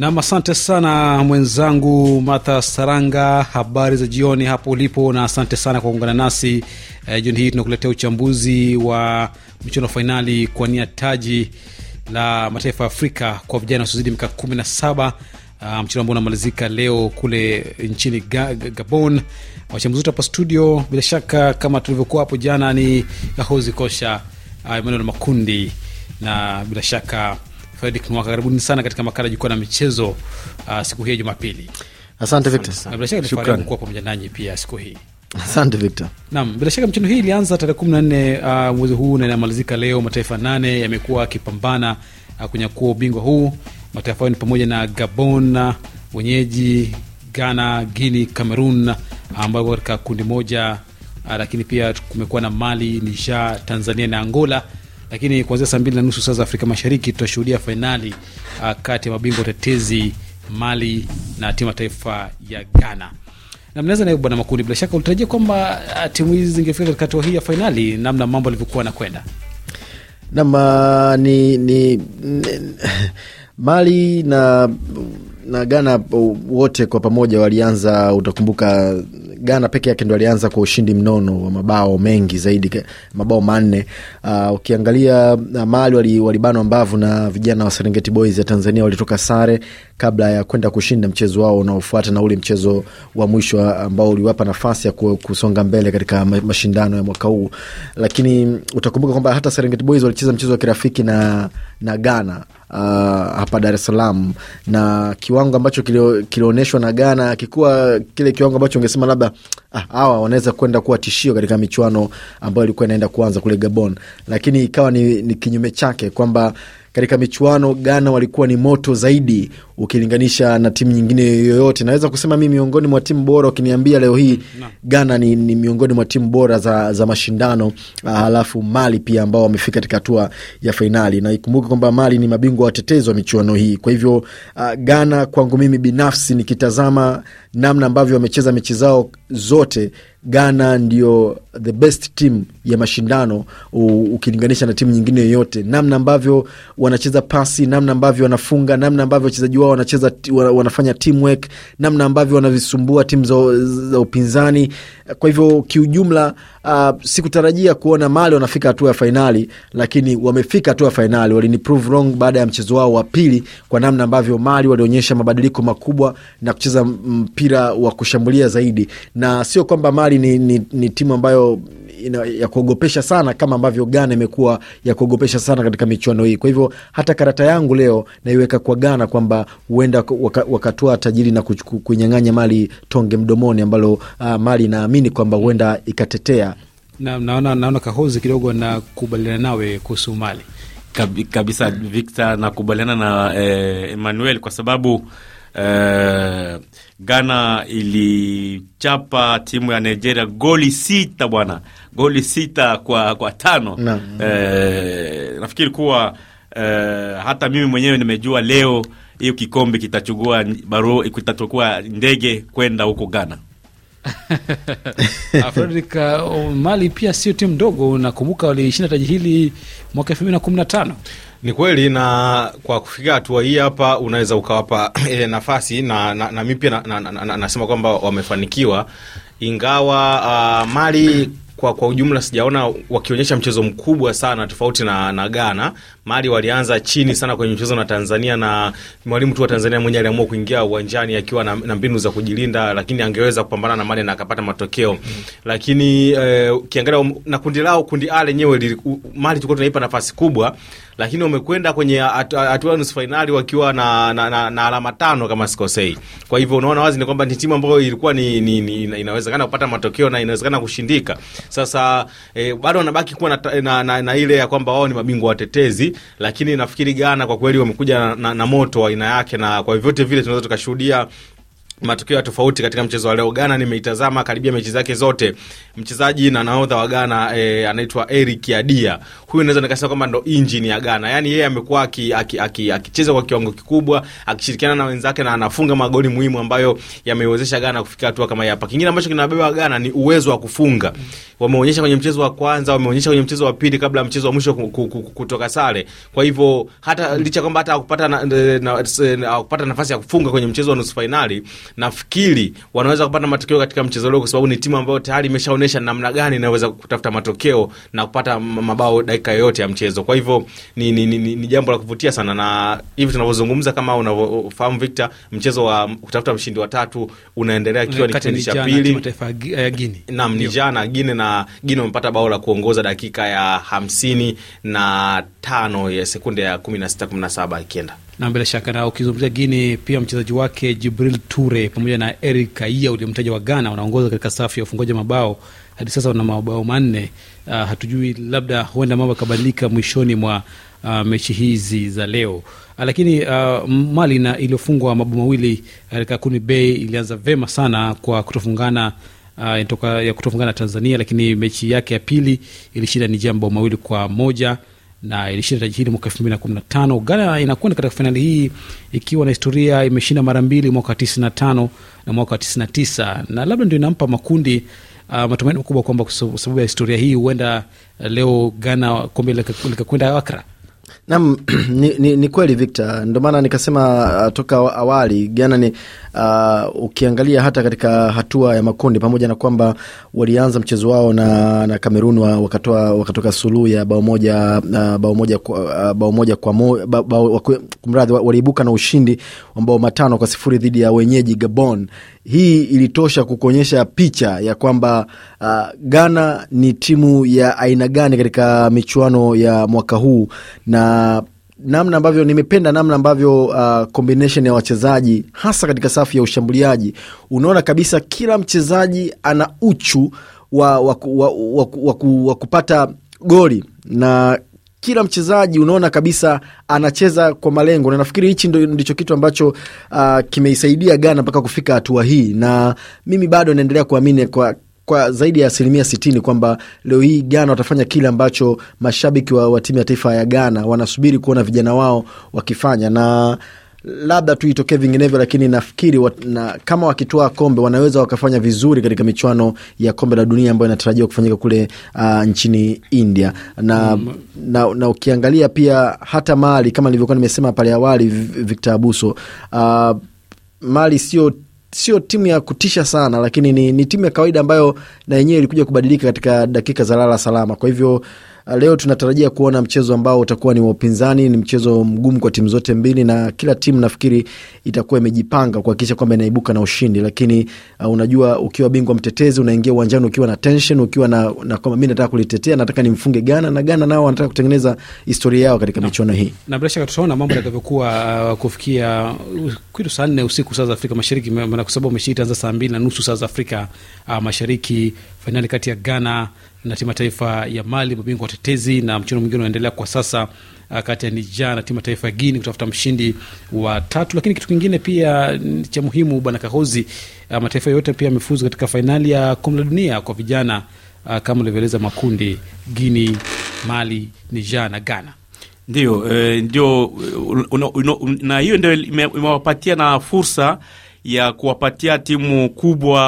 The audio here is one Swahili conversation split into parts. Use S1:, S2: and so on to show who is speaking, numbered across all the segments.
S1: Nam, asante sana mwenzangu Martha Saranga. Habari za jioni hapo ulipo, na asante sana kwa kuungana nasi eh, jioni hii tunakuletea uchambuzi wa mchono wa fainali nia taji la mataifa ya Afrika kwa vijana wasiozidi miaka kumi na saba, uh, ah, mchuano ambao unamalizika leo kule nchini Gabon. Wachambuzi wetu hapa studio, bila shaka kama tulivyokuwa hapo jana, ni Kahozi Kosha, uh, Emmanuel Makundi na bila shaka Fredrick Mwaka, karibuni sana katika makala Jukwaa la Michezo uh, siku hii ya Jumapili. Asante Victor, bila shaka nifahari kuwa pamoja nanyi pia siku hii. Asante Victor. Naam, bila shaka mchezo hii ilianza tarehe kumi na nne uh, mwezi huu na inamalizika leo. Mataifa nane yamekuwa akipambana uh, kunyakua ubingwa huu. Mataifa hayo ni pamoja na Gabon uh, wenyeji, Ghana, Guini, Cameroon uh, ambayo katika kundi moja uh, lakini pia kumekuwa na Mali, Nisha, Tanzania na Angola lakini kuanzia saa mbili na nusu saa za Afrika Mashariki tutashuhudia fainali uh, kati ya mabingwa tetezi Mali na timu ya taifa ya Ghana. Na mnaweza na bwana Makundi, bila shaka ulitarajia kwamba uh, timu hizi zingefika katika hatua hii ya fainali, namna mambo alivyokuwa anakwenda
S2: nam uh, ni, ni, ni Mali na na Ghana wote kwa pamoja walianza, utakumbuka Ghana peke yake ndo alianza kwa ushindi mnono wa mabao mengi zaidi, mabao manne. Uh, ukiangalia ah, Mali walibanwa wali mbavu na vijana wa Serengeti Boys ya Tanzania, walitoka sare kabla ya kwenda kushinda mchezo wao unaofuata na ule mchezo wa mwisho ah, ambao uliwapa nafasi ya kusonga mbele katika mashindano ya mwaka huu. Lakini mm, utakumbuka kwamba hata Serengeti Boys walicheza mchezo wa kirafiki na, na Ghana uh, hapa Dar es Salaam na kiwango ambacho kilionyeshwa na Ghana kikuwa kile kiwango ambacho ungesema labda ah, hawa ah, wanaweza kwenda kuwa tishio katika michuano ambayo ilikuwa inaenda kuanza kule Gabon, lakini ikawa ni, ni kinyume chake kwamba katika michuano Ghana walikuwa ni moto zaidi, ukilinganisha na timu nyingine yoyote. Naweza kusema mi miongoni mwa timu bora, ukiniambia leo hii no. Ghana ni, ni miongoni mwa timu bora za, za mashindano ah, halafu Mali pia ambao wamefika katika hatua ya fainali, na ikumbuke kwamba Mali ni mabingwa watetezi wa michuano hii. Kwa hivyo uh, Ghana kwangu mimi binafsi nikitazama namna ambavyo wamecheza mechi zao zote Ghana ndio the best team ya mashindano ukilinganisha na timu nyingine yoyote, namna ambavyo wanacheza pasi, namna ambavyo wanafunga, namna ambavyo wachezaji wao ambao wanacheza wanafanya teamwork, namna ambavyo wanavisumbua timu za, za upinzani. Kwa hivyo kiujumla, uh, sikutarajia kuona Mali wanafika hatua ya fainali, lakini wamefika hatua ya fainali. prove wrong baada ya mchezo wao wa pili, kwa namna ambavyo Mali walionyesha mabadiliko makubwa na kucheza mpira wa kushambulia zaidi, na sio kwamba Mali ni, ni, ni timu ambayo ina, ya kuogopesha sana kama ambavyo Ghana imekuwa ya kuogopesha sana katika michuano hii. Kwa hivyo hata karata yangu leo naiweka kwa Ghana kwamba huenda waka, wakatoa tajiri na kuinyang'anya Mali tonge mdomoni ambalo uh, Mali inaamini kwamba huenda ikatetea
S1: na, naona, naona kahozi kidogo na kubaliana nawe kuhusu Mali Kab, kabisa Victor,
S3: na na eh, Emmanuel kwa sababu eh, Ghana ilichapa timu ya Nigeria goli sita bwana, goli sita kwa, kwa tano na. E, eh, nafikiri kuwa e, hata mimi mwenyewe nimejua leo hiyo kikombe kitachukua barua, kitachukua ndege kwenda huko Ghana.
S1: Fredrik Mali pia sio timu ndogo. Nakumbuka walishinda taji hili mwaka elfu mbili na kumi na tano. Ni kweli, na
S4: kwa kufika hatua hii hapa unaweza ukawapa e, nafasi na, na, na mi pia nasema na, na, na, kwamba wamefanikiwa, ingawa uh, Mali kwa, kwa ujumla sijaona wakionyesha mchezo mkubwa sana tofauti na, na Ghana. Mali walianza chini sana kwenye mchezo na Tanzania, na mwalimu tu wa Tanzania mwenye aliamua kuingia uwanjani akiwa na, na mbinu za kujilinda, lakini angeweza kupambana na Mali na akapata matokeo. mm. Lakini eh, ukiangalia um, na kundi lao, kundi A lenyewe Mali tulikuwa tunaipa nafasi kubwa, lakini wamekwenda kwenye hatua ya nusu fainali wakiwa na, na, na, na alama tano kama sikosei. Kwa hivyo unaona wazi ni kwamba ni timu ambayo ilikuwa ni, ni, ni inawezekana kupata matokeo na inawezekana kushindika. Sasa eh, bado wanabaki kuwa na, na, na, na ile ya kwamba wao ni mabingwa watetezi lakini nafikiri Ghana kwa kweli wamekuja na, na, na moto aina yake, na kwa vyovyote vile tunaweza tukashuhudia matokeo ya tofauti katika mchezo wa leo. Ghana nimeitazama karibia mechi zake zote. Mchezaji na nahodha wa Ghana e, anaitwa Eric Adia. Huyu naweza nikasema kwamba ndo injini ya Ghana, yaani yeye amekuwa akicheza aki, aki, aki kwa kiwango kikubwa akishirikiana na wenzake na anafunga magoli muhimu ambayo yamewezesha Ghana kufika hatua kama hapa. Kingine ambacho kinabeba Ghana ni uwezo wa kufunga. Wameonyesha kwenye mchezo wa kwanza, wameonyesha kwenye mchezo wa pili, kabla ya mchezo wa mwisho kutoka sare. Kwa hivyo hata licha kwamba hata hakupata na, eh, na, eh, na, na, na, nafasi ya kufunga kwenye mchezo wa nusu fainali nafikiri wanaweza kupata matokeo katika mchezo leo, kwa sababu ni timu ambayo tayari imeshaonyesha namna gani inaweza kutafuta matokeo na kupata mabao dakika yoyote ya mchezo. Kwa hivyo ni, ni, ni, ni jambo la kuvutia sana, na hivi tunavyozungumza, kama unavyofahamu Victor, mchezo wa kutafuta mshindi wa tatu unaendelea ikiwa ni kipindi cha pili. Naam, ni jana Gine na Gine wamepata bao la kuongoza dakika ya hamsini na tano ya sekunde ya kumi na sita kumi na saba
S1: ikienda na bila shaka, na ukizungumzia Guinea pia mchezaji wake Jibril Ture pamoja na Eric Kaia uliyemtaja wa Ghana wanaongoza katika safu ya ufungaji mabao hadi sasa wana mabao manne. Uh, hatujui labda huenda mambo yakabadilika mwishoni mwa uh, mechi hizi za leo, uh, lakini uh, Mali na iliyofungwa mabao mawili katika kuni bei ilianza vema sana kwa kutofungana uh, toka ya kutofungana Tanzania, lakini mechi yake ya pili ilishinda Nigeria mabao mawili kwa moja na ilishinda taji hili mwaka elfu mbili na kumi na tano. Ghana inakwenda katika fainali hii ikiwa na historia, imeshinda mara mbili mwaka tisini na tano na mwaka tisini na tisa na labda ndio inampa makundi uh, matumaini makubwa kwamba kwa sababu ya historia hii huenda uh, leo Ghana kombe likakwenda Akra
S2: nam ni, ni, ni kweli Victor, ndio maana nikasema uh, toka awali Ghana ni uh, ukiangalia hata katika hatua ya makundi, pamoja na kwamba walianza mchezo wao na, na Kamerun wakatoa wakatoka suluhu ya bao moja uh, bao moja uh, bao moja kwa mo, ba, ba, kumradhi, waliibuka na ushindi wa mabao matano kwa sifuri dhidi ya wenyeji Gabon hii ilitosha kukuonyesha picha ya kwamba uh, Ghana ni timu ya aina gani katika michuano ya mwaka huu na namna ambavyo nimependa namna ambavyo uh, combination ya wachezaji hasa katika safu ya ushambuliaji, unaona kabisa kila mchezaji ana uchu wa, wa, wa, wa, wa, wa, wa kupata goli na kila mchezaji unaona kabisa anacheza kwa malengo, na nafikiri hichi ndicho kitu ambacho uh, kimeisaidia Ghana mpaka kufika hatua hii, na mimi bado naendelea kuamini kwa kwa zaidi ya asilimia sitini kwamba leo hii Ghana watafanya kile ambacho mashabiki wa, wa timu ya taifa ya Ghana wanasubiri kuona vijana wao wakifanya na labda tu itokee vinginevyo, lakini nafikiri wat, na, kama wakitoa kombe wanaweza wakafanya vizuri katika michuano ya kombe la dunia ambayo inatarajiwa kufanyika kule uh, nchini India na, mm. na, na ukiangalia pia hata Mali kama nilivyokuwa nimesema pale awali, Victor Abuso, uh, Mali sio sio timu ya kutisha sana lakini ni, ni timu ya kawaida ambayo na yenyewe ilikuja kubadilika katika dakika za lala salama. Kwa hivyo leo tunatarajia kuona mchezo ambao utakuwa ni wa upinzani. Ni mchezo mgumu kwa timu zote mbili, na kila timu nafikiri itakuwa imejipanga kuhakikisha kwamba inaibuka na ushindi. Lakini uh, unajua ukiwa bingwa mtetezi unaingia uwanjani ukiwa na tension, ukiwa na, na kwamba mi nataka kulitetea, nataka nimfunge Ghana na Ghana nao wanataka kutengeneza historia yao katika no. michuano hii,
S1: na bila shaka tutaona mambo yatakavyokuwa uh, kufikia uh, kitu saa nne usiku saa za Afrika Mashariki, maana kwa sababu mechi itaanza saa mbili na nusu saa za Afrika uh, Mashariki fainali kati ya Ghana na timu ya taifa ya Mali, mabingwa watetezi, na mchezo mwingine unaendelea kwa sasa uh, kati ya Nija na timu ya taifa ya Guini kutafuta mshindi wa tatu. Lakini kitu kingine pia cha muhimu, bwana Kahozi, uh, mataifa yote pia yamefuzu katika fainali ya kombe la dunia kwa vijana uh, kama ulivyoeleza makundi Guini, Mali, Nija na Ghana. Ndio eh, ndio una,
S3: una, una, na hiyo ndio imewapatia na fursa ya kuwapatia timu kubwa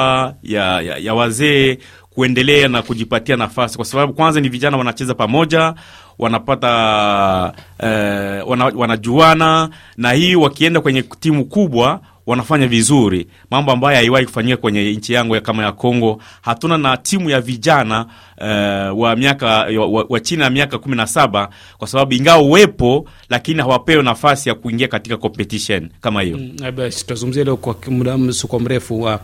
S3: ya, ya, ya wazee kuendelea na kujipatia nafasi, kwa sababu kwanza ni vijana wanacheza pamoja, wanapata eh, wana, wanajuana na hii, wakienda kwenye timu kubwa wanafanya vizuri, mambo ambayo haiwahi kufanyika kwenye nchi yangu ya kama ya Kongo. Hatuna na timu ya vijana uh, wa miaka wa, wa chini ya miaka kumi na saba kwa sababu ingawa uwepo, lakini hawapewe nafasi ya kuingia katika competition kama hiyo.
S1: Mm, tutazungumzia leo kwa muda kwa mrefu ah,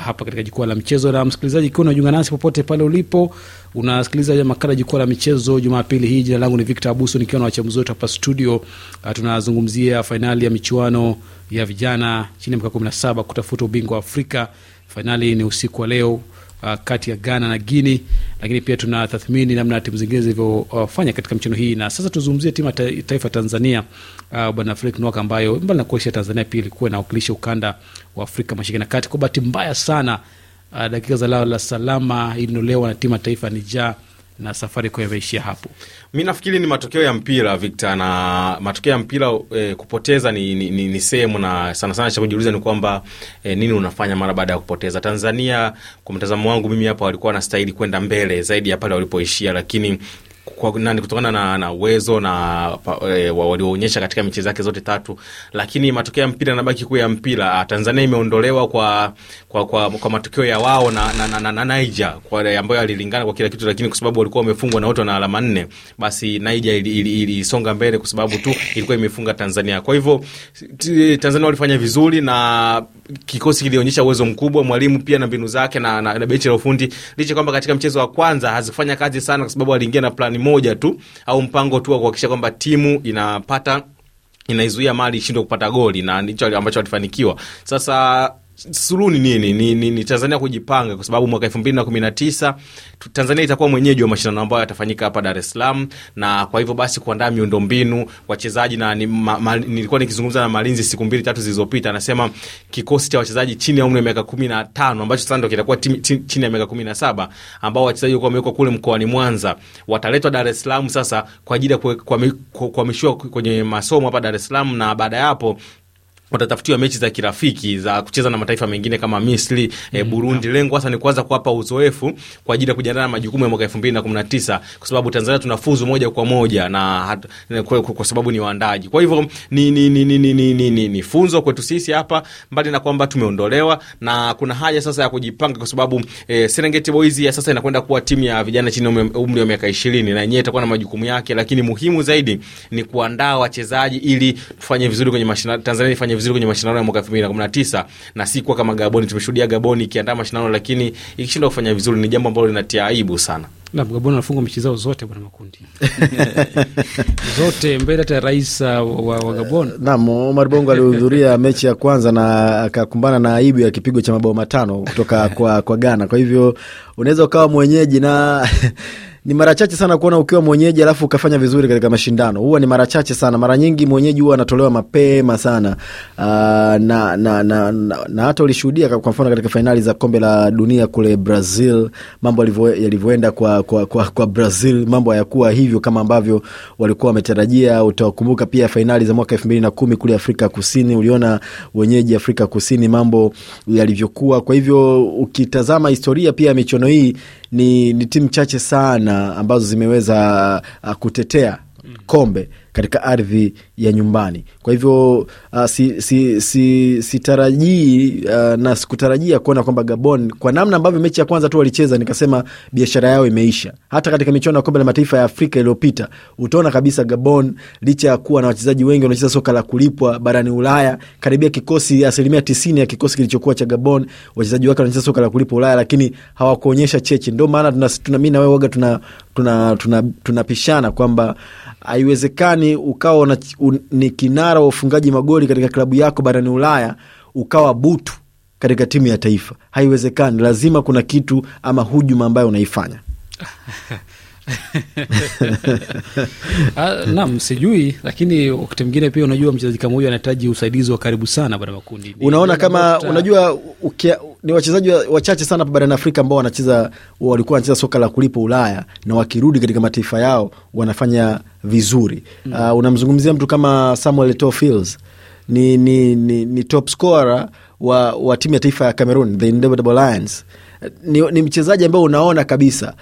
S1: hapa katika jukwaa la mchezo, na msikilizaji, ikiwa unajiunga nasi popote pale ulipo Unasikiliza makala jukwaa la michezo jumapili hii. Jina langu ni Victor Abuso nikiwa na wachambuzi wetu hapa studio. Uh, tunazungumzia fainali ya michuano ya vijana chini ya miaka kumi na saba kutafuta ubingwa wa Afrika. Fainali ni usiku wa leo uh, kati ya Ghana na Guini, lakini pia tunatathmini namna timu zingine zilivyofanya uh, katika michuano hii, na sasa tuzungumzie timu ya taifa Tanzania uh, bwana Frik Nwaka ambayo mbali na kuwakilisha Tanzania pia ilikuwa inawakilisha ukanda wa Afrika mashariki na kati. Kwa bahati mbaya sana uh, dakika za lao la salama ah, ilinolewa na timu ya taifa Nija na safari kwa imeishia
S4: hapo. Mi nafikiri ni matokeo ya mpira Victor, na matokeo ya mpira eh, kupoteza ni, ni, ni, ni sehemu na sana sana cha kujiuliza ni kwamba eh, nini unafanya mara baada ya kupoteza. Tanzania kwa mtazamo wangu mimi hapa walikuwa wanastahili kwenda mbele zaidi ya pale walipoishia, lakini kutokana na, na uwezo na e, walioonyesha katika mechi zake zote tatu, lakini matokeo ya mpira nabaki kuu ya mpira. Ah, Tanzania imeondolewa kwa, kwa, kwa, kwa matokeo ya wao na, na, na, na, na Niger kwa ambayo alilingana kwa kila kitu, lakini kwa sababu walikuwa wamefungwa na wote wana alama nne, basi Niger ilisonga ili, ili mbele kwa sababu tu ilikuwa imefunga Tanzania. Kwa hivyo Tanzania walifanya vizuri na kikosi kilionyesha uwezo mkubwa, mwalimu pia na mbinu zake na, na, na, na benchi la ufundi, licha kwamba katika mchezo wa kwanza hazikufanya kazi sana kwa sababu aliingia na plani ni moja tu au mpango tu wa kuhakikisha kwamba timu inapata inaizuia Mali ishindwe kupata goli na ndicho ambacho walifanikiwa sasa suluhu ni nini? Ni, ni, ni Tanzania kujipanga, kwa sababu mwaka elfu mbili na kumi na tisa Tanzania itakuwa mwenyeji wa mashindano ambayo yatafanyika hapa Dar es Salaam, na kwa hivyo basi kuandaa miundo mbinu wachezaji na ni, ma, ma, nilikuwa nikizungumza na Malinzi siku mbili tatu zilizopita, anasema kikosi cha wachezaji chini ya umri wa miaka kumi na tano ambacho sasa ndo kitakuwa chini ya miaka kumi na saba ambao wachezaji walikuwa wamewekwa kule mkoani Mwanza wataletwa Dar es Salaam sasa kwa ajili ya kuhamishiwa kwenye masomo hapa Dar es Salaam, na baada ya hapo watatafutiwa mechi za kirafiki za kucheza na mataifa mengine kama Misri, e, Burundi. Lengo hasa ni kuanza kuwapa uzoefu kwa ajili ya kujiandaa na majukumu ya mwaka elfu mbili na na kumi tisa kwa sababu Tanzania tunafuzu moja kwa moja na hat, eh, kwa kwa sababu ni waandaji. Kwa hivyo ni ni ni ni ni, ni, ni, ni ni funzo kwetu sisi hapa, mbali na kwamba tumeondolewa na kuna haja sasa ya kujipanga kwa sababu e, Serengeti Boys ya sasa inakwenda kuwa timu ya vijana chini ya umri wa miaka ishirini na yenyewe itakuwa na majukumu yake, lakini muhimu zaidi ni kuandaa wachezaji ili tufanye vizuri kwenye mashindano Tanzania ifanye kufanya vizuri kwenye mashindano ya mwaka mbili na si kuwa kama Gaboni. Tumeshuhudia Gaboni ikiandaa mashindano lakini ikishindwa kufanya vizuri, ni jambo ambalo linatia aibu sana.
S1: Naam, mechi zao zote bwana makundi zote mbele hata rais uh, wa, wa Gabon.
S2: Eh, Omar Bongo alihudhuria mechi ya kwanza na akakumbana na aibu ya kipigo cha mabao matano kutoka kwa, kwa Ghana. Kwa hivyo unaweza ukawa mwenyeji na ni mara chache sana kuona ukiwa mwenyeji alafu ukafanya vizuri katika mashindano. Huwa ni mara chache sana. Mara nyingi mwenyeji huwa anatolewa mapema sana. Uh, ah, na, na, na, na na hata ulishuhudia kwa mfano katika fainali za kombe la dunia kule Brazil, mambo yalivyoenda kwa, kwa, kwa, kwa Brazil, mambo hayakuwa hivyo kama ambavyo walikuwa wametarajia. Utawakumbuka pia fainali za mwaka elfu mbili na kumi kule Afrika Kusini, uliona wenyeji Afrika Kusini mambo yalivyokuwa. Kwa hivyo ukitazama historia pia ya michuano hii ni, ni timu chache sana ambazo zimeweza uh, kutetea mm. kombe katika ardhi ya nyumbani. Kwa hivyo uh, si, si, si, sitarajii uh, na sikutarajia kuona kwamba Gabon kwa namna ambavyo mechi ya kwanza tu walicheza, nikasema biashara yao imeisha. Hata katika michuano ya kombe la mataifa ya Afrika iliyopita utaona kabisa Gabon, licha ya kuwa na wachezaji wengi wanaocheza soka la kulipwa barani Ulaya, karibia kikosi asilimia tisini ya kikosi kilichokuwa cha Gabon, wachezaji wake wanacheza soka la kulipwa Ulaya, lakini hawakuonyesha cheche. Ndio maana tuna, tuna, mi na wewe waga tuna tunapishana tuna, tuna, kwamba haiwezekani ukawa un, ni kinara wa ufungaji magoli katika klabu yako barani Ulaya ukawa butu katika timu ya taifa. Haiwezekani, lazima kuna kitu ama hujuma ambayo unaifanya
S1: Ah, naam, sijui, lakini wakati mwingine pia unajua mchezaji kama huyu anahitaji usaidizi wa karibu sana bwana makundi. Unaona kama
S2: unajua ukia, ni wachezaji wachache sana hapa barani Afrika ambao wanacheza walikuwa wanacheza soka la kulipa Ulaya na wakirudi katika mataifa yao wanafanya vizuri. Mm. Uh, unamzungumzia mtu kama Samuel Eto'o Fields ni, ni, ni, ni top scorer wa, wa timu ya taifa ya Cameroon, the Indomitable Lions. Eh, ni, ni mchezaji ambao unaona kabisa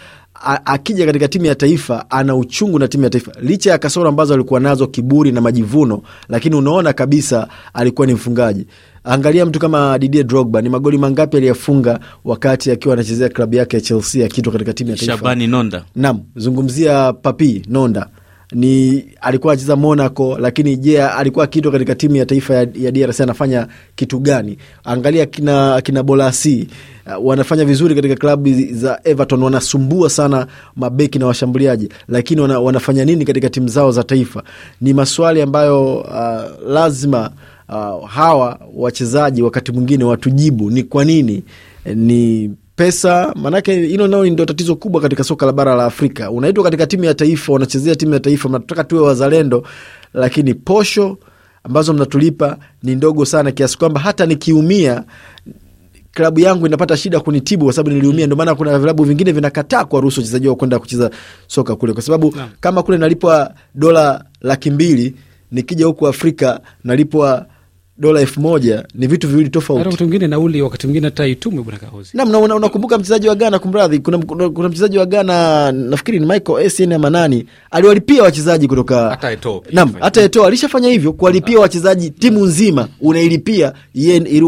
S2: akija katika timu ya taifa ana uchungu na timu ya taifa, licha ya kasoro ambazo alikuwa nazo, kiburi na majivuno, lakini unaona kabisa alikuwa ni mfungaji. Angalia mtu kama Didier Drogba, ni magoli mangapi aliyafunga wakati akiwa anachezea klabu yake ya Chelsea akitwa katika timu ya taifa. Shabani Nonda, naam, zungumzia Papi Nonda ni alikuwa anacheza Monaco, lakini je, alikuwa akiitwa katika timu ya taifa ya, ya DRC anafanya kitu gani? Angalia kina, kina Bolasi uh, wanafanya vizuri katika klabu za Everton, wanasumbua sana mabeki na washambuliaji, lakini wana, wanafanya nini katika timu zao za taifa? Ni maswali ambayo uh, lazima uh, hawa wachezaji wakati mwingine watujibu, ni kwa nini ni pesa maanake, hilo nao ndio tatizo kubwa katika soka la bara la Afrika. Unaitwa katika timu ya taifa, unachezea timu ya taifa, mnataka tuwe wazalendo, lakini posho ambazo mnatulipa ni ndogo sana, kiasi kwamba hata nikiumia klabu yangu inapata shida kunitibu kwa sababu niliumia. Ndio maana kuna vilabu vingine vinakataa kuwaruhusu wachezaji wao kwenda kucheza soka kule, kwa sababu kama kule nalipwa dola laki mbili nikija huku Afrika nalipwa dola elfu moja ni vitu viwili tofauti. Wakati
S1: mwingine nauli, wakati mwingine hata itumwe bwana Kahozi.
S2: Naam, unakumbuka mchezaji wa Ghana, kumradhi, kuna, kuna, kuna mchezaji wa Ghana nafikiri ni Michael Essien ama nani, aliwalipia wachezaji kutoka hata Eto'o. Naam, hata eto alishafanya hivyo kuwalipia wachezaji, timu nzima unailipia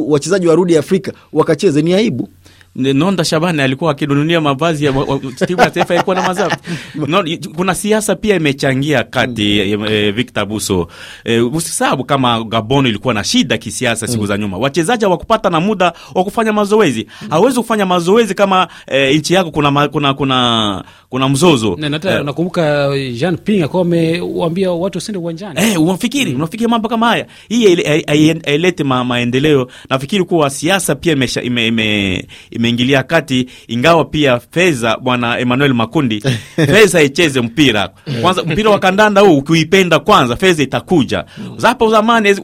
S2: wachezaji warudi Afrika wakacheze, ni aibu.
S3: Nonda Shabani alikuwa akinunulia mavazi ya timu ya taifa ilikuwa na mazafu. Kuna siasa pia imechangia kati mm. e, Victor Buso e, usisabu kama Gabon ilikuwa na shida kisiasa siku mm. za nyuma, wachezaji hawakupata na muda wa kufanya mazoezi. mm. Hawezi kufanya mazoezi kama e, nchi yako kuna, ma, kuna, kuna, kuna mzozo. E,
S1: nakumbuka Jean Ping akawa amewaambia watu usiende uwanjani. Eh, unafikiri mm. unafikiri mambo kama
S3: haya hii ailete ma, maendeleo? Nafikiri kuwa siasa pia ime, ime, ime, ime imeingilia kati, ingawa pia fedha, bwana Emmanuel Makundi, fedha icheze mpira kwanza. Mpira wa kandanda huu ukiipenda kwanza, fedha itakuja. zapo zamani,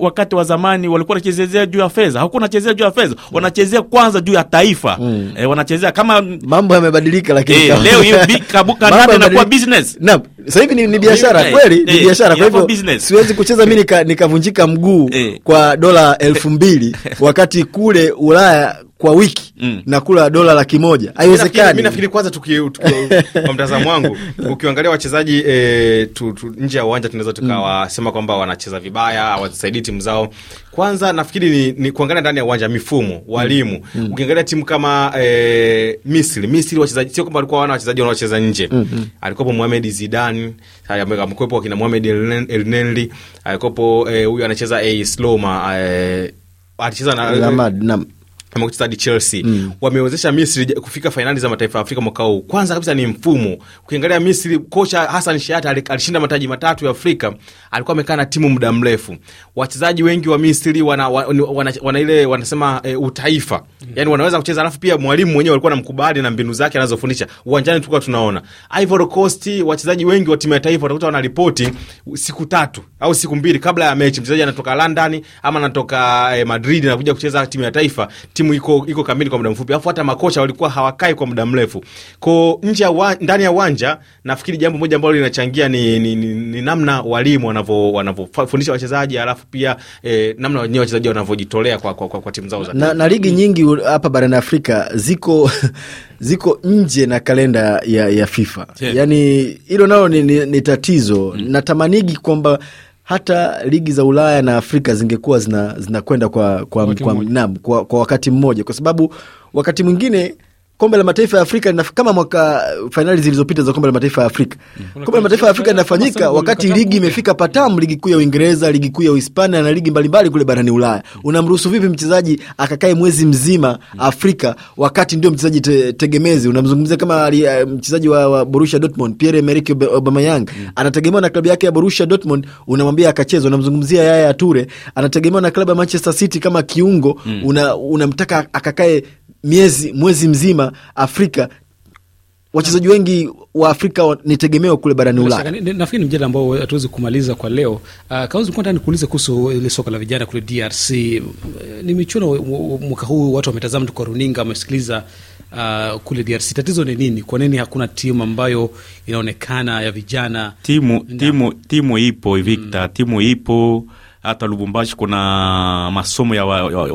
S3: wakati wa zamani walikuwa wanachezea juu ya fedha, hakuwa wanachezea juu ya fedha, wanachezea kwanza juu ya taifa mm. E, wanachezea kama mambo yamebadilika, lakini e, leo hiyo kandanda inakuwa business
S2: na sasa hivi ni, ni
S4: biashara eh, kweli, ni biashara. Kwa hivyo
S2: siwezi kucheza mimi nikavunjika mguu kwa dola 2000 wakati kule Ulaya kwa wiki mm. na kula dola laki moja haiwezekani. Mimi nafikiri
S4: kwanza, kwa mtazamo wangu, ukiangalia wachezaji e, nje ya uwanja tunaweza tukawasema mm. kwamba wanacheza vibaya, hawasaidii timu zao. Kwanza nafikiri ni, ni kuangalia ndani ya uwanja, mifumo, mm. walimu mm. ukiangalia timu kama e, Misri, Misri wachezaji sio kwamba walikuwa wana wachezaji wanaocheza nje mm -hmm. alikuwepo Muhamed Zidani, amekuwepo akina Muhamed Elneny, alikuwepo eh, huyu e, anacheza e, Sloma e, alicheza na amekucheza hadi Chelsea mm. wamewezesha Misri kufika fainali za mataifa ya Afrika mwaka huu. Kwanza kabisa ni mfumo. Ukiangalia Misri, kocha Hassan Shehata alishinda mataji matatu ya Afrika, alikuwa amekaa na timu muda mrefu. Wachezaji wengi wa Misri wana, wana, wana, wana ile wanasema e, utaifa mm. yani wanaweza kucheza, alafu pia mwalimu mwenyewe alikuwa anamkubali na mbinu zake anazofundisha uwanjani. Tulikuwa tunaona Ivory Coast, wachezaji wengi wa timu ya taifa utakuta wanaripoti siku tatu au siku mbili kabla ya mechi, mchezaji anatoka London ama anatoka eh, Madrid anakuja kucheza timu ya taifa timu timu iko iko kamili kwa muda mfupi, alafu hata makocha walikuwa hawakai kwa muda mrefu. Kwa nje ya ndani ya uwanja, nafikiri jambo moja ambalo linachangia ni, ni, ni, ni namna walimu wanavyo wanavyofundisha wachezaji, alafu pia eh, namna wenyewe wachezaji wanavyojitolea kwa, kwa, kwa, kwa timu zao za na, na
S2: ligi nyingi hapa barani Afrika ziko ziko nje na kalenda ya, ya FIFA yeah. Yani hilo nalo ni, ni, ni tatizo hmm. Natamanigi kwamba hata ligi za Ulaya na Afrika zingekuwa zinakwenda zina kwa, kwa, kwa, kwa, kwa wakati mmoja, kwa sababu wakati mwingine kombe la mataifa ya Afrika na kama mwaka fainali zilizopita za kombe la mataifa ya Afrika. Mm. Kombe la mataifa ya Afrika inafanyika wakati ligi imefika patam, ligi kuu ya Uingereza, ligi kuu ya Uhispania na ligi mbalimbali kule barani Ulaya. Mm. Unamruhusu vipi mchezaji akakae mwezi mzima mm. Afrika wakati ndio mchezaji te, tegemezi? Unamzungumzia kama uh, mchezaji wa, wa Borussia Dortmund Pierre Emerick Aubameyang mm. anategemewa na klabu yake ya Borussia Dortmund, unamwambia akacheza. Unamzungumzia Yaya Toure anategemewa na klabu ya Manchester City kama kiungo mm. unamtaka una akakae miezi mwezi mzima Afrika wachezaji wengi wa Afrika ni tegemeo kule barani Ulaya.
S1: Nafikiri ni mjadala ambao hatuwezi kumaliza kwa leo. Uh, ah, Kauzi, nilikuwa nikuulize kuhusu ile soka la vijana kule DRC. Eh, ni michuano mwaka huu, watu wametazama tu kwa runinga, wamesikiliza uh, kule DRC. Tatizo ni nini? Kwa nini hakuna timu ambayo inaonekana ya vijana?
S3: Timu, timu, timu ipo Victor, mm. timu ipo hata Lubumbashi kuna masomo ya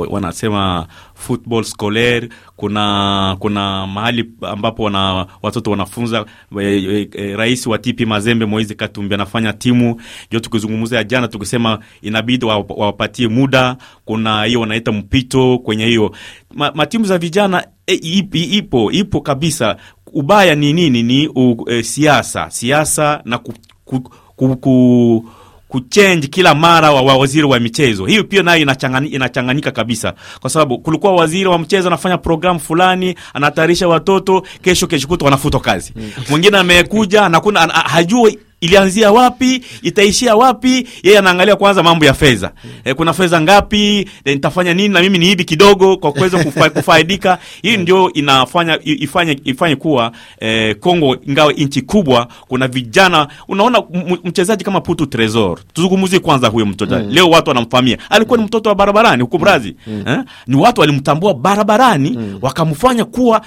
S3: wanasema football scolaire. Kuna, kuna mahali ambapo wana, watoto wanafunza e, e, e, rais wa TP Mazembe Moizi Katumbi anafanya timu jo, tukizungumzia jana tukisema inabidi wawapatie muda. Kuna hiyo wanaita mpito kwenye hiyo ma, matimu za vijana e, ipi, ipo ipo kabisa. Ubaya ni nini? Ni, ni, e, siasa siasa na ku, ku, ku, ku kuchange kila mara wa, wa waziri wa michezo. Hiyo pia nayo inachangani, inachanganyika kabisa, kwa sababu kulikuwa waziri wa mchezo anafanya programu fulani, anahatarisha watoto, kesho kesho kuto wanafutwa kazi. Hmm. Mwingine amekuja anakuna hajui ilianzia wapi, itaishia wapi? Yeye anaangalia kwanza mambo ya fedha e, kuna fedha ngapi, eh, nitafanya nini na mimi ni hivi kidogo kwa kuweza kufa, kufaidika. Hii ndio inafanya ifanye ifanye kuwa e, Kongo ingawa nchi kubwa, kuna vijana. Unaona mchezaji kama Putu Tresor, tuzungumzie kwanza huyo mtoto mm. Leo watu wanamfahamia, alikuwa ni hmm. mtoto wa barabarani huko hmm. Brazil mm. eh? ni watu walimtambua barabarani mm. wakamfanya kuwa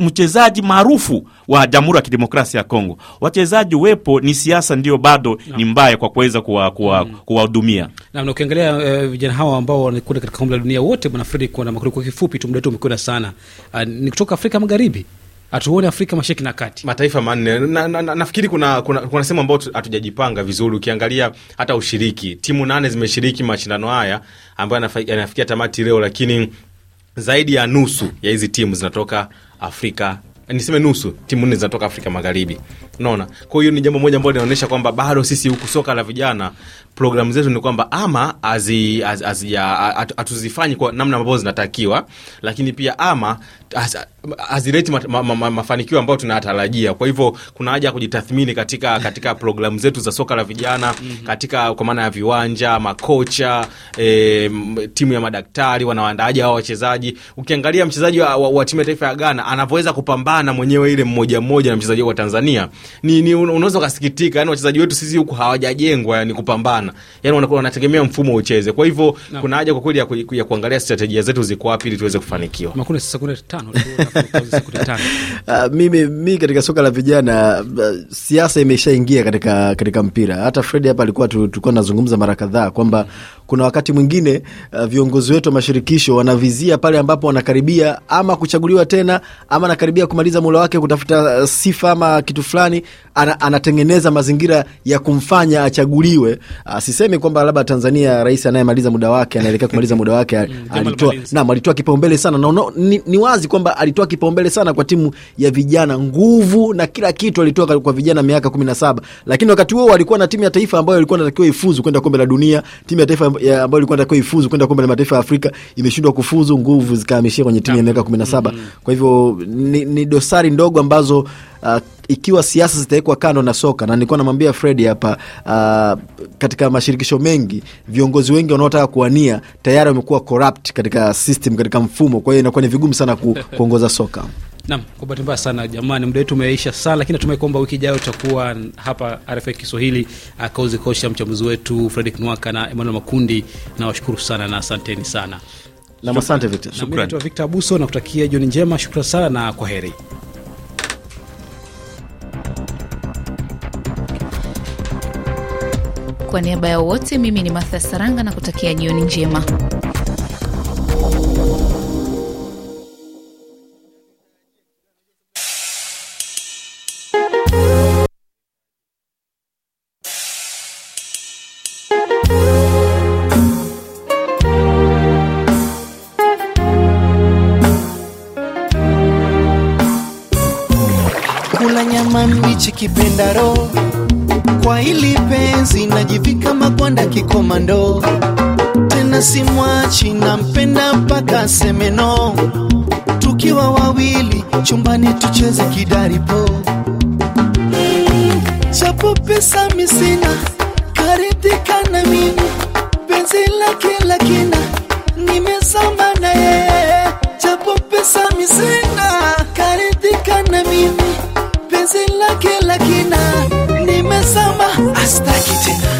S3: mchezaji maarufu wa Jamhuri ya Kidemokrasia ya Kongo. Wachezaji wepo ni ni siasa ndio bado no. ni mbaya kwa kuweza kuwahudumia
S1: mm. na ukiangalia uh, vijana hawa ambao wanakwenda katika kombe la dunia wote bwana Fredi, kuna makuri kwa kifupi tu, muda wetu umekwenda sana. Uh, ni kutoka Afrika Magharibi hatuone Afrika Mashariki na Kati, mataifa manne na,
S4: na, na, nafikiri kuna, kuna, kuna sehemu ambayo hatujajipanga vizuri. Ukiangalia hata ushiriki, timu nane zimeshiriki mashindano haya ambayo yanafikia tamati leo, lakini zaidi ya nusu ya hizi timu zinatoka Afrika, niseme nusu, timu nne zinatoka Afrika Magharibi unaona. Kwa hiyo ni jambo moja ambalo linaonyesha kwamba bado sisi huku soka la vijana programu zetu ni kwamba ama hatuzifanyi kwa namna ambavyo zinatakiwa, lakini pia ama hazileti ma, ma, ma, mafanikio ambayo tunayatarajia. Kwa hivyo kuna haja ya kujitathmini katika, katika programu zetu za soka la vijana mhm. katika kwa maana ya viwanja, makocha, e, timu ya madaktari wanawandaaji hawa wachezaji. Ukiangalia mchezaji wa, wa, wa timu ya taifa ya Ghana anavyoweza kupambana mwenyewe ile mmoja mmoja na mchezaji wa Tanzania ni, ni unaweza ukasikitika, yani wachezaji wetu sisi huku hawajajengwa yani kupambana sana, yani wanategemea mfumo ucheze. Kwa hivyo no. kuna haja kwa kweli ya, ku, ya kuangalia strategia zetu ziko wapi ili tuweze kufanikiwa.
S2: Makunde
S1: sekunde tano
S2: uh, mimi mimi katika soka la vijana uh, siasa imeshaingia katika katika mpira. Hata Fred hapa alikuwa tulikuwa tunazungumza mara kadhaa kwamba kuna wakati mwingine uh, viongozi wetu wa mashirikisho wanavizia pale ambapo wanakaribia ama kuchaguliwa tena ama anakaribia kumaliza muda wake kutafuta ah, sifa ama kitu fulani ana, anatengeneza mazingira ya kumfanya achaguliwe. Ah, sisemi kwamba labda Tanzania rais anayemaliza muda wake anaelekea kumaliza muda wake mm, alitoa naam, alitoa kipaumbele sana na no, ni, ni wazi kwamba alitoa kipaumbele sana kwa timu ya vijana, nguvu na kila kitu alitoa kwa vijana miaka kumi na saba, lakini wakati huo alikuwa na timu ya taifa ambayo ilikuwa inatakiwa ifuzu kwenda kombe la dunia, timu ya taifa ambayo ilikuwa inatakiwa ifuzu kwenda kombe la mataifa ya Afrika imeshindwa kufuzu, nguvu zikahamishia kwenye timu ya miaka kumi na saba. Mm. Kwa hivyo ni, ni dosari ndogo ambazo uh, ikiwa siasa zitawekwa kando na soka, na nilikuwa namwambia Fred hapa uh, katika mashirikisho mengi viongozi wengi wanaotaka kuwania tayari wamekuwa corrupt katika system, katika mfumo. Kwa hiyo inakuwa ni vigumu sana ku, kuongoza soka.
S1: Naam, kwa bahati mbaya sana jamani, muda wetu umeisha sana, lakini natumai kwamba wiki ijayo tutakuwa hapa RFI Kiswahili. Uh, Kauzi Kosha, mchambuzi wetu Fredrick Nwaka na Emmanuel Makundi, nawashukuru sana na asanteni sana. Na asante Victor. Shukrani. Victor Abuso, nakutakia jioni njema. Shukrani sana na kwa heri.
S5: Kwa niaba ya wote, mimi ni Martha Saranga na kutakia jioni njema. kwenda kikomando, tena simwachi, nampenda mpaka semeno. Tukiwa wawili chumbani, tucheze kidaripo, japo pesa misina, karidhika na mimi, penzi lake lakina kina, na yeye, japo pesa misina, karidhika na mimi, penzi lake lakina kina, nimezama, astaki tena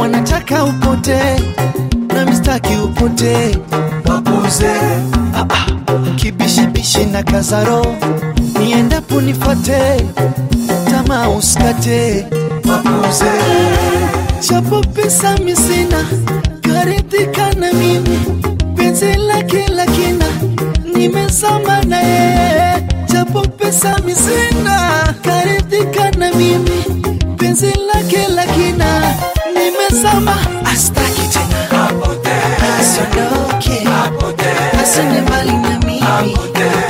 S5: wanataka upote na mistaki upote wapuze ah, ah, kibishibishi na kazaro, niendapo nifate tama uskate wapuze chapo pesa misina karidhika na mimi penzi lake lakina nimesama na yeye chapo pesa misina karidhika na mimi penzi lake lakina nimezama astaki tena apote asiondoke asende mbali na mimi apote.